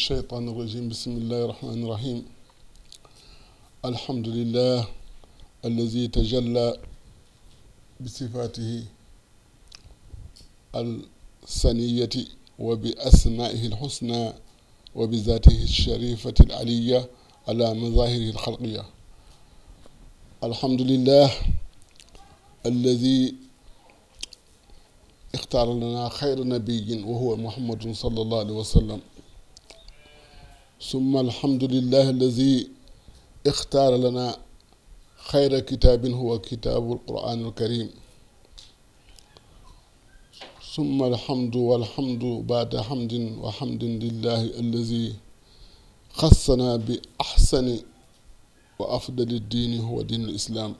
الشيطان الرجيم بسم الله الرحمن الرحيم الحمد لله الذي تجلى بصفاته السنية وبأسمائه الحسنى وبذاته الشريفة العلية على مظاهره الخلقية الحمد لله الذي اختار لنا خير نبي وهو محمد صلى الله عليه وسلم ثم الحمد لله الذي اختار لنا خير كتاب هو كتاب القرآن الكريم ثم الحمد والحمد بعد حمد وحمد لله الذي خصنا بأحسن وأفضل الدين هو دين الإسلام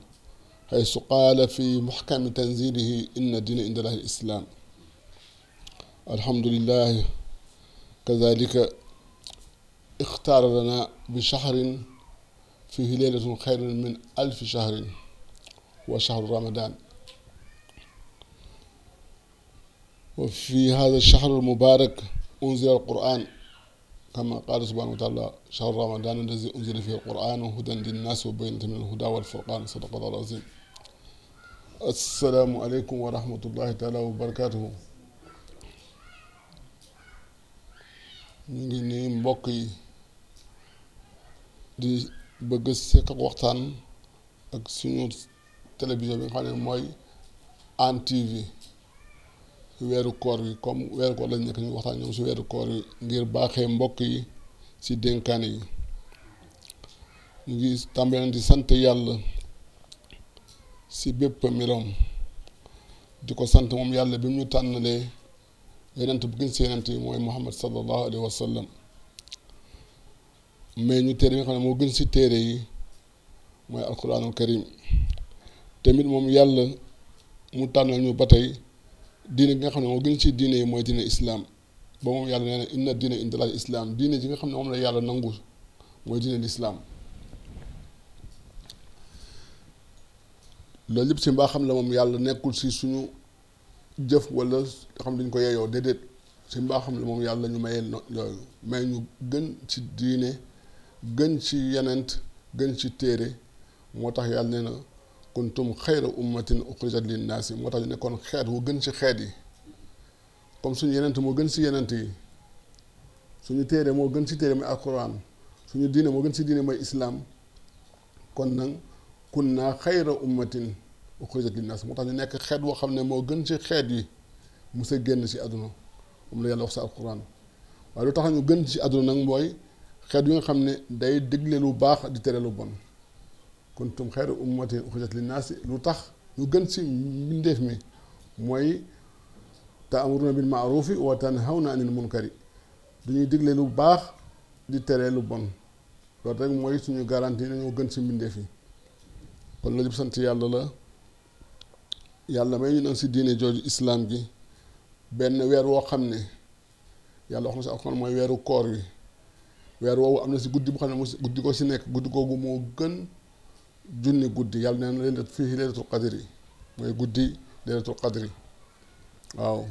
حيث قال في محكم تنزيله إن الدين عند الله الإسلام الحمد لله كذلك اختار لنا بشهر فيه ليلة خير من ألف شهر وشهر رمضان وفي هذا الشهر المبارك أنزل القرآن كما قال سبحانه وتعالى شهر رمضان الذي أنزل فيه القرآن هدى للناس وبينة من الهدى والفرقان صدق الله العظيم السلام عليكم ورحمة الله تعالى وبركاته ñu نيم بقي di bëgg seq ak waxtaan ak suñu télévision bi nga xam ne mooy Hann TV weeru koor yi comme weeru koor lañ nekk ñu waxtaan ñoom si weeru koor yi ngir baaxee mbokk yi ci dénkaane yi ñu ngi tàmbalee di sant yàlla si bépp miroom di ko sant moom yàlla bi mu ñu tànnalee yenent bu gën si yi mooy Muhammad sallallahu alayhi wa mais ñu téere yi nga xam ne moo gën si téere yi mooy alquranul karim tamit moom yàlla mu tànnal ñu ba tey diine gi nga xam ne moo gën si diine yi mooy diine islaam ba moom yàlla nee na inna diine indalaal islaam diine nga xam ne moom la yàlla nangu mooy diine lislaam loolu yëpp si mbaaxam la moom yàlla nekkul si suñu jëf wala xam dañ ko yeyoo déedéet si mbaaxam la moom yàlla ñu may yooyu may ñu gën ci diine gën ci yenent gën ci téere moo tax yàlla nee na kuntum xayra ummatin uxrijat linnaasi moo tax ñu nekkoon xeet wu gën ci xeet yi comme suñu yenent moo gën ci yenent yi suñu téere moo gën ci téere mooy alquran suñu diine moo gën ci diine mooy islam kon nag kun naa xayra ummatin uxrijat linnaas moo tax ñu nekk xeet woo xam ne moo gën ci xeet yi mu sa génn ci aduna moom la yàlla wax sa alquran waaye lu tax ñu gën ci aduna nag mooy xeet yu nga xam ne day digle lu baax di tere lu bon kuntum xayra ummatin uxrijat linnaasi lu tax ñu gën si mbindeef mi mooy te taamuruna bil naa wa tanhawna anil du ñuy digle lu baax di tere lu bon loolu rek mooy suñu garantie dañoo gën si mbindeef yi kon la jëpp sant yàlla la yàlla may ñu nag si diine jooju islaam gi benn weer woo xam ne yàlla wax na si alxuraan mooy weeru koor wi weer woowu am na si guddi bu xam ne mu guddi ko si nekk guddi googu moo gën junni guddi yàlla neen leen fii leelatul qadri mooy guddi leelatul qadri waaw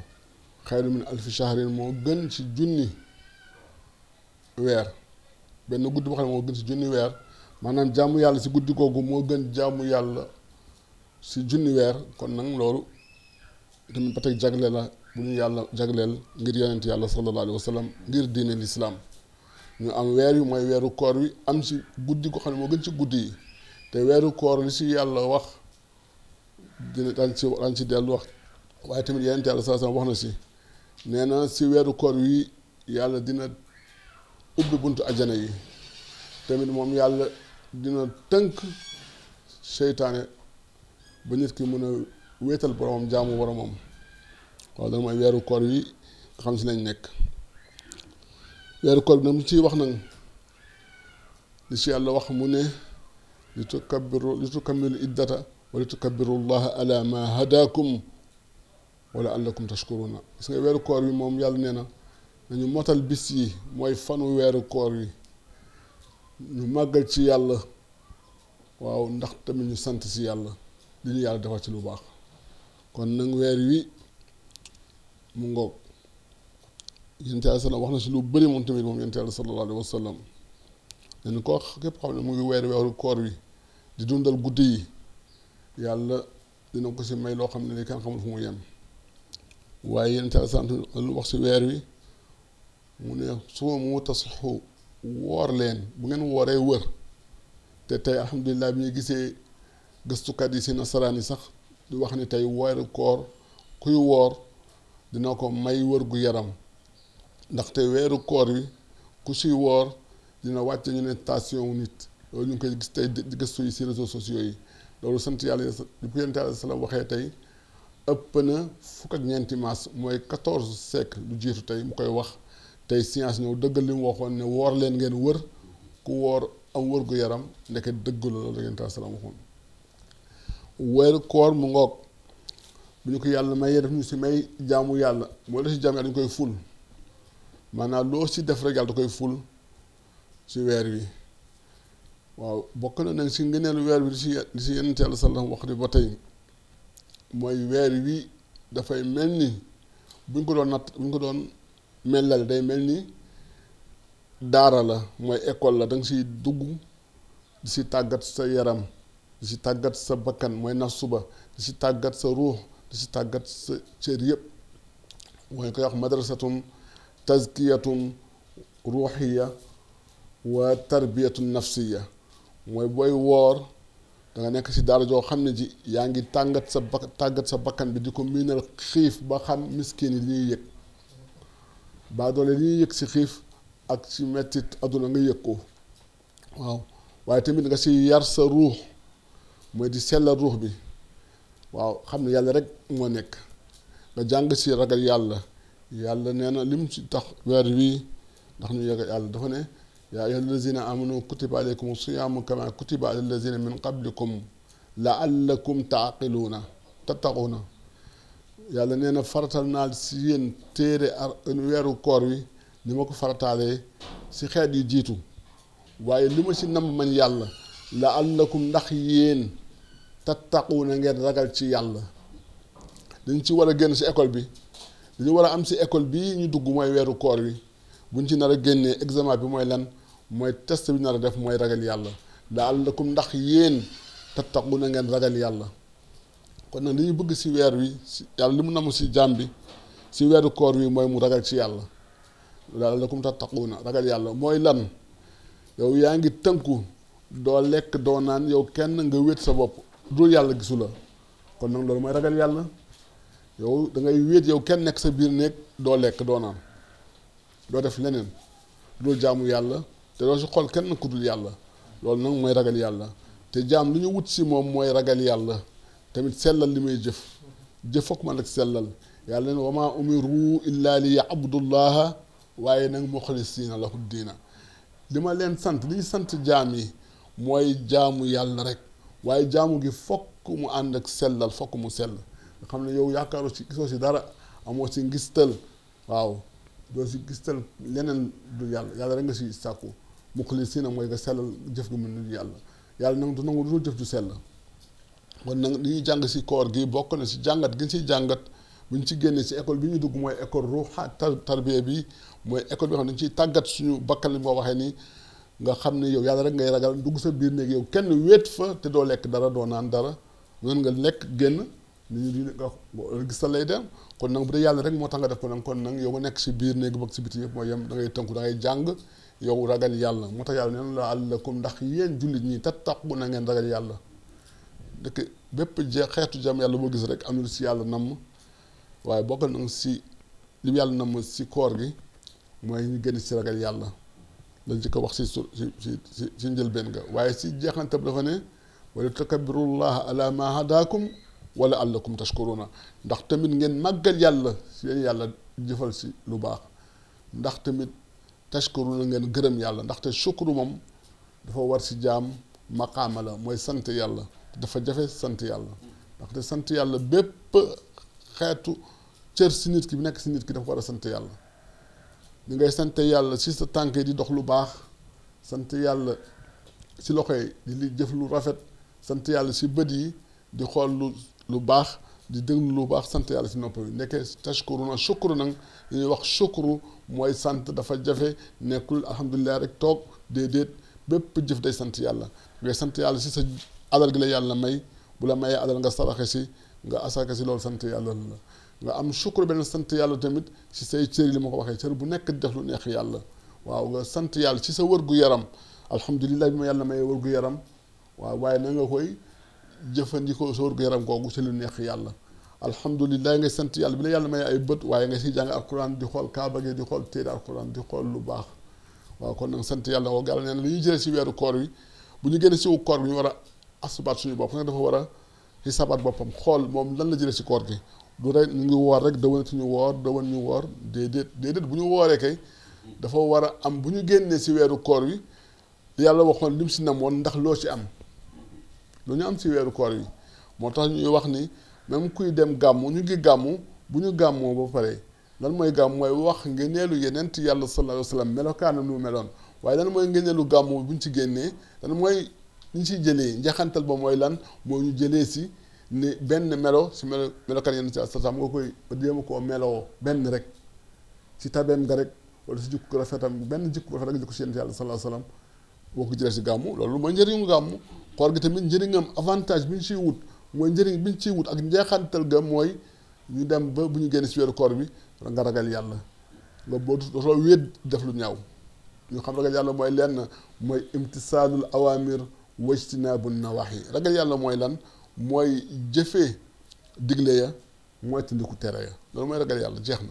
xayru min alfi shahrin moo gën ci junni weer benn guddi bu xam ne moo gën ci junni weer maanaam jàmm yàlla si guddi googu moo gën jàmm yàlla si junni weer kon nag loolu tamit ba tey jagle la bu ñu yàlla jagleel ngir yonent yàlla sallallahu alayhi wa sallam ngir diine l'islam ñu am weer yi mooy weeru koor wi am si guddi ko xam ne moo gën si guddi yi te weeru koor li si yàlla wax dina daan si daan si dellu wax waaye tamit yeneen yàlla saa sama wax na si nee na si weeru koor wi yàlla dina ubbi buntu ajana yi tamit moom yàlla dina tënk seytaane ba nit ki mën a wéetal boromam jaamu moom waaw dana mooy weeru koor wi nga xam si nañ nekk weeru koor bi nag mu ciy wax nag li ci yàlla wax mu ne li tukabbiru li tukammilu iddata wa li tukabbiru llaha ala ma hadakum wa laallakum tashkuruna gis nga weeru koor bi moom yàlla nee na nañu motal bis yi mooy fanu weeru koor yi ñu màggal ci yàlla waaw ndax tamit ñu sant si yàlla li ñu yàlla defal ci lu baax kon nag weer wi mu ngoog yonent yàlla sallam wax na si lu bëri moom tamit moom yonent yàlla sallallahu alayhi wa sallam nee képp xam ne mu ngi weer weeru koor wi di dundal guddi yi yàlla dina ko si may loo xam ne li kenn xamul fu mu yem waaye yonent wax si weer wi mu ne suma mu tasxu leen bu ngeen wooree wër te tey alhamdulilah bi ñu gisee gëstukat yi si nasaraan yi sax di wax ni tey weeru koor kuy woor dina ko may wër gu yaram ndaxte weeru koor yi ku si woor dina wàcce ñu ne tension wu nit loolu ñu ngi koy gis tey gëstu yi si réseaux sociaux yi loolu sant yàlla di ko yonent tey ëpp na ñeenti maas mooy quatorze siècle lu tey mu koy wax tey science ñëw dëggal li mu waxoon ne woor leen ngeen wër ku woor am wër gu yaram ndeke dëgg la loolu la yonent alayhi waxoon weeru koor mu ngoog bu ñu ko yàlla mayee def ñu si may jaamu yàlla moo la si jaamu yàlla dañu koy ful mana loo si def rek yàlla da koy ful si weer wi waaw bokk na nag si ngëneelu weer wi si si yenn teel sallam wax ni ba tey mooy weer wi dafay mel ni buñ ko doon natt buñ ko doon mellal day mel ni la mooy école la da nga dugg di si tàggat sa yaram di si tàggat sa bakkan mooy nas suba di si tàggat sa ruux di si tàggat sa cër yëpp mooy ko wax madrasatum تزكية روحية وتربية نفسية mooy booy woor da nga nekk si daara joo xam ne ji yaa ngi tàngat sa ba tàggat sa bakkan bi di ko miinal xiif ba xam miskin yi li ñuy yëg baa doole li ñuy yëg si xiif ak si mettit adduna nga yëg ko waaw waaye tamit nga si yar sa ruux mooy di sellal ruux bi waaw xam ne yàlla rek moo nekk nga jàng si ragal yàlla yàlla nee na lim si tax weer wii ndax ñu yegg yàlla dafa ne yaa ayyuha allazina amanu kutiba alaykum siyaamu kama kutiba ala allazina min qablikum laallakum taaqiluuna tattaquuna yàlla nee na faratal naa si yéen téere ar weeru koor wi ni ma ko farataalee si xeet yi jiitu waaye li ma si nam man yàlla laallakum ndax yéen na ngeen ragal ci yàlla dañ ci war a génn si école bi li wara am ci école bi ñu dugg mooy weeru koor wi buñ ci nar a examen bi mooy lan mooy test bi nar a def mooy ragal yàlla kum ndax yéen tattaquna ngeen ragal yàlla kon nag li ñu bëgg si weer wi si yàlla li mu namu si jambi bi si weeru koor wi mooy mu ragal ci yàlla la'allakum tattaquna ragal yàlla mooy lan yow yaa ngi tënku doo lekk doo naan yow kenn nga wét sa bopp dul yàlla gisu kon nag loolu mooy ragal yàlla yow da ngay wéet yow kenn nekk sa biir néeg doo lekk doo naan doo def leneen doo jaamu yàlla te doo si xool kenn ku yàlla loolu nag mooy ragal yàlla te jaam lu ñu wut si moom mooy ragal yàlla tamit sellal li may jëf jëf foog man sellal yàlla ne wama umiru illa li yaabudullaha waaye nag muxlisiina lahu diina li ma leen sant li sant jaam yi mooy jaamu yàlla rek waaye jaamu gi fokk mu ànd ak sellal fokk mu sell nga xam ne yow yaakaaru si gisoo si dara amoo si ngistal waaw doo si ngistal leneen du yàlla yàlla rek nga si sàkku muxlisiina mooy nga sellal jëf gi mu ne yàlla yàlla nag du nangu du jëf ju sell kon nag li ñuy jàng si koor gi bokk na si jàngat gi ñu jàngat bu ci génnee si école bi ñu dugg mooy école ruuxa tarbiya bi mooy école bi nga ciy tàggat suñu bakkan li waxee nii nga xam ne yow yàlla rek ngay ragal dugg sa biir néeg yow kenn wéet fa te doo lekk dara doo naan dara mën nga lekk génn li gisal lay dem kon nag bu dee yàlla rek moo tax nga def ko nag kon nag yow nga nekk si biir néeg bëgg si biti yëpp mooy yem da ngay tënku da ngay jàng yow ragal yàlla moo tax yàlla je xeetu jàmm yàlla boo gis rek am si yàlla namm waaye bokk na si li yàlla namm si koor gi mooy ñu gën si ragal yàlla dañ ci wax si su ci si si njëlbeen nga waaye si jeexantab dafa ne wala tukabirullah ala wala àllakum tashkuruna ndax tamit ngeen màggal yàlla si leen yàlla jëfal si lu baax ndax tamit tashkuruna ngeen gërëm yàlla ndaxte shukru moom dafa war si jaam makaamala mooy sant yàlla dafa jafe sant yàlla ndaxte sant yàlla bépp xeetu cër si nit ki bi nekk si nit ki dafa war a sant yàlla li ngay sant yàlla si sa tànk yi di dox lu baax sant yàlla si loxo yi di li jëf lu rafet sant yàlla si bët yi di xool lu lu baax di déglu lu baax sant yàlla si nopp bi nekkee tashkuru na shukuru nag li ñuy wax shukuru mooy sant dafa jafe nekkul alhamdulilah rek toog déedéet bépp jëf day sant yàlla ngay sant yàlla si sa alal gi yàlla may bu la mayee alal nga saraxe si nga asaka si loolu sant yàlla la nga am shukuru beneen sant yàlla tamit si say cër yi li ma ko waxee cër bu nekk di def lu neex yàlla waaw nga sant yàlla ci sa wërgu yaram alhamdulilah bi ma yàlla mayee wërgu yaram waaw waaye na koy. jëfandikoo soor wérgu yaram kooku ci lu neex yàlla alhamdulilah ngay sant yàlla bi la yàlla may ay bët waaye nga si jàng alquran di xool kaaba gi di xool téere alquran di xool lu baax waaw kon nag sant yàlla ko yàlla neen li ñuy jëlee si weeru koor wi bu ñu génnee si wu koor bi ñu war a asubaat suñu bopp dafa war a xisabaat boppam xool moom lan la jëlee si koor gi du rek ñu ngi woor rek dëwanati ñu woor dëwan ñu woor déedéet déedéet bu ñu wooree kay dafa war a am bu ñu génnee si weeru koor wi yàlla waxoon lim si nam woon ndax loo ci am ñu am si weeru koor yi moo tax ñuy wax ni même kuy dem gàmmu ñu ngi gàmmu bu ñu gàmmoo ba pare lan mooy gàmm mooy wax ngëneelu yenent yàlla sallallahu alayhi wa mu meloon waaye lan mooy ngëneelu gàmmu bu ci génnee lan mooy ñu ci jëlee njaxantal ba mooy lan moo ñu jëlee si ni benn melo si melo melokaan yenent yàlla sallam nga koy jéema koo meloo benn rek si tabeem nga rek wala si jikko rafetam benn jikko rafet rek jikko si yenent yàlla sallallahu alayhi wa sallam boo ko jëlee si gàmmu loolu mooy njëriñu gàmmu koor gi tamit njëriñam avantage bi ñu ciy wut mooy njëriñ bi ñu ciy wut ak njeexantal ga mooy ñu dem ba bu ñu génn ci weeru koor bi nga ragal yàlla nga boo dootoo wéet def lu ñaaw ñu xam ragal yàlla mooy lenn mooy imtisalul awamir wajtinaabu nawahi ragal yàlla mooy lan mooy jëfee digle ya mooy tindiku tere ya loolu mooy ragal yàlla jeex na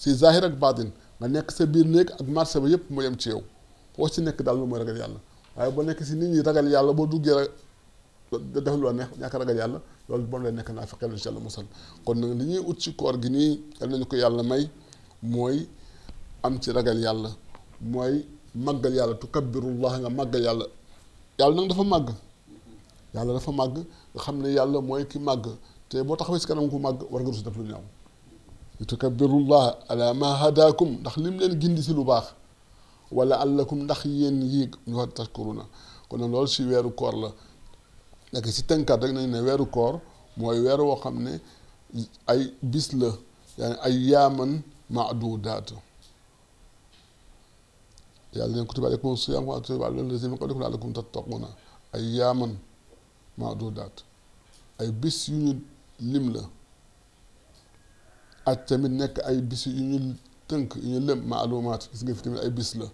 si zahir ak baatin nga nekk sa biir néeg ak marché ba yépp mu yem ci yow foo ci nekk daal lu mooy ragal yàlla waaye boo nekk si nit ñi ragal yàlla boo duggee rek def lu la neex ñàkk ragal yàlla loolu bon lay nekk naa fexe incha allah musal kon nag li ñuy ut ci koor gi nii yal nañu ko yàlla may mooy am ci ragal yàlla mooy màggal yàlla tukabbirullah nga màggal yàlla yàlla nag dafa màgg yàlla dafa màgg nga xam ne yàlla mooy ki màgg te boo taxawee si kanam ku màgg war nga rus def lu ñaaw tukabbirullah ala ma ndax lim leen gindi si lu baax wala allakum ndax yéen yii ñu war taskuruna kon nag loolu si weeru koor la nekk si tënkaat rek nañ ne weeru koor mooy weer woo xam ne ay bis la yaani ay yaaman maadudaat yàlla neen kutiba alaykum siyaam kamaa kutiba alal laziina min qablikum ay bis yu ñu lim la ak tamit nekk ay bis yu ñu tënk ñu lëm maalumaat gis nga fi ay bis la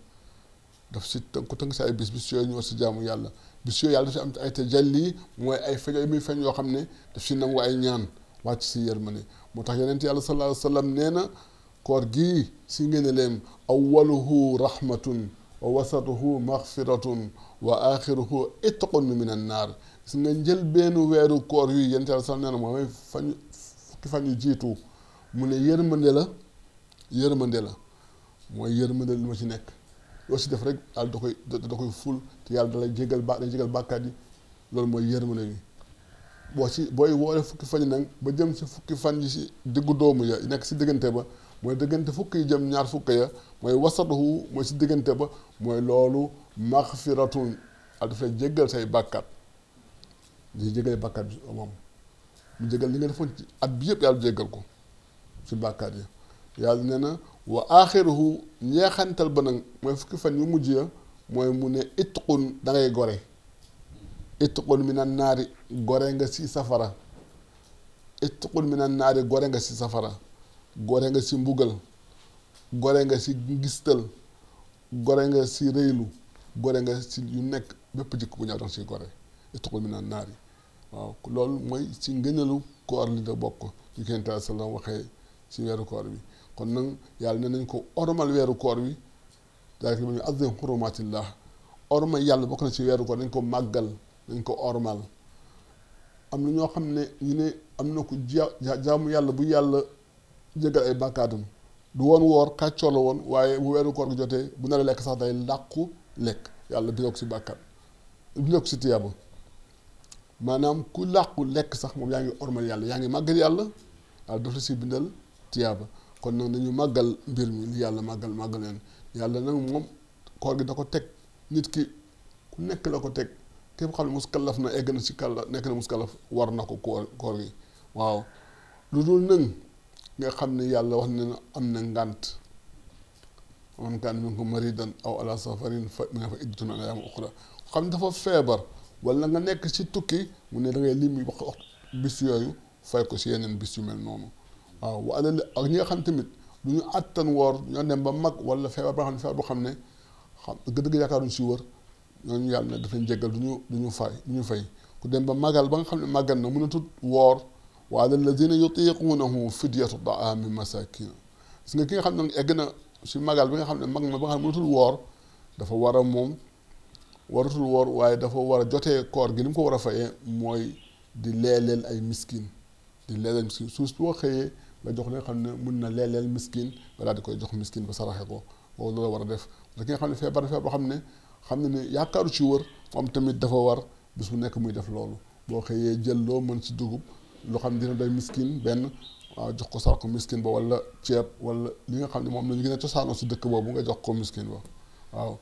daf si tënk ko tënk si ay bis bis yooyu ñu si jaamu yàlla bis yooyu yàlla daf si am ay tajalli mooy ay feñ ay muy feñ yoo xam ne daf si nangu ay ñaan wàcc si yërmande moo tax yeneen yàlla sallallahu alayhi wa sallam na koor gii si ngeen leen awwaluhu rahmatun wa wasatuhu maghfiratun wa axiruhu itqun min an naar gis nga njëlbeenu weeru koor yi yonent yàlla sallallahu alayhi wa sallam nee na mooy fañ fukki fan yu jiitu mu ne yërmande la yërmande la mooy yërmande li ma ci nekk loo si def rek yàlla da koy da koy ful te yàlla da lay jégal ba day jégal bàkkaat yi loolu mooy yërmande bi boo si booy woore fukki fan yi ba jëm si fukki fan yi si diggu doomu nekk si diggante ba mooy diggante fukki jëm ñaar fukki ya mooy wasatuhu mooy si diggante ba mooy loolu maxfiratun al daf lay jéggal say bàkkaat di jégale bàkkaat bi moom defoon ci at bi yëpp yàlla jéggal ko si bakkaat yi yàlla nee na wa aaxiruhu njeexantal ba nag mooy fukki fan yu mujj ya mooy mu ne itqun da ngay gore itqun mi gore nga si safara itqun mi naan naari gore nga si safara gore nga si mbugal gore nga si ngistal gore nga si rëylu gore nga si yu nekk bépp jikk bu ñaaw dox si gore itqun mi naan naari waaw loolu mooy si ngënalu koor li da bokk ñu kenn taal salaam waxee si weeru koor bi kon nag yàlla ne nañ ko ormal weeru koor bi daal li ma ñu azim xurumatillah ormal yàlla bokk na ci weeru koor nañ ko màggal dañ ko ormal am na ñoo xam ne ñu ne am na ko jaamu yàlla bu yàlla jégal ay bàkkaatam du woon woor kàccoor la woon waaye bu weeru koor gi jotee bu nar lekk sax day làqu lekk yàlla bindoo ko si bàkkaat bindoo ko si tiyaaba maanaam ku làqu lekk sax moom yaa ngi ormal yàlla yaa ngi màggal yàlla waaye daf la si bindal tiyaaba kon nag nañu màggal mbir mi yàlla màggal màggal leen yàlla nag moom koor gi da ko teg nit ki ku nekk la ko teg képp xam ne muskalaf na egg na ci kàlla nekk na muskalaf war na ko koor koor gi waaw lu dul nag nga xam ne yàlla wax ne am na ngànt man kaan minkum maridan aw ala safarin fa mina fa iddatun min ayyaamin ukhra xam dafa feebar wala nga nekk ci tukki mu ne da ngay lim wax bis yooyu fay ko ci yeneen bis yu mel noonu waaw waaye ak ñi nga xam tamit du ñu attan woor ñoo dem ba mag wala feebar ba xam ne feebar boo xam ne xam dëgg-dëgg yaakaaruñ si wër ñooñu yàlla daf leen jéggal du ñu du ñu fay du ñu fay ku dem ba magal ba nga xam ne màggal na mënatut woor wa ala alladina yutiqunahu fidyatu taamu masakina gis nga ki nga xam ne egg na si magal bi nga xam ne mag na ba nga xam ne mënatul woor dafa war a moom waratul woor waaye dafa war a jotee koor gi ni mu ko war a fayee mooy di leeleel ay miskin di leeleel miskin suus boo xëyee nga jox li nga xam ne mun na leeleel miskin nga daal di koy jox miskin ba saraxe ko loolu la war a def da ki nga xam ne feebar feebar boo xam ne xam ne ne yaakaaru ci wër moom tamit dafa war bis bu nekk muy def loolu boo xëyee jël loo mën ci dugub loo xam ne dina doy miskin benn waaw jox ko sarax ko miskin ba wala ceeb wala li nga xam ne moom la ñu gën a cosaanoo si dëkk boobu nga jox ko miskin ba waaw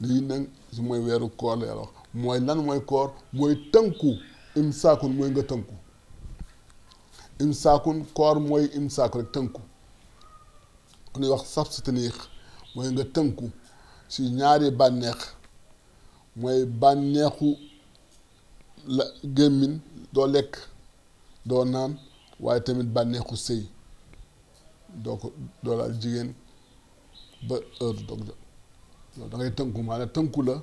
lii nag mooy weeru koor la yàlla wax mooy lan mooy koor mooy tënku imsaakun mooy nga tënku imsaakun koor mooy imsaaku rek tënku ku ñuy wax s'abstenir mooy nga tënku si ñaari bànneex mooy bànneexu la gémmin doo lekk doo naan waaye tamit bànneexu sëy doo ko doo laal jigéen ba heure dog jot loolu da ngay tënku maanaam tënku la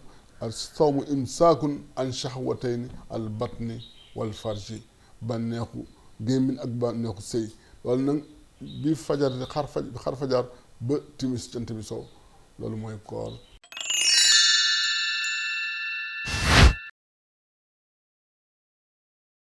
al sawmu imsaakun an shahwatayn al batni wal farji bànneexu gémmiñ ak bànneexu sëy loolu nag bi fajar xar xar fajar ba timis jant bi sow loolu mooy koor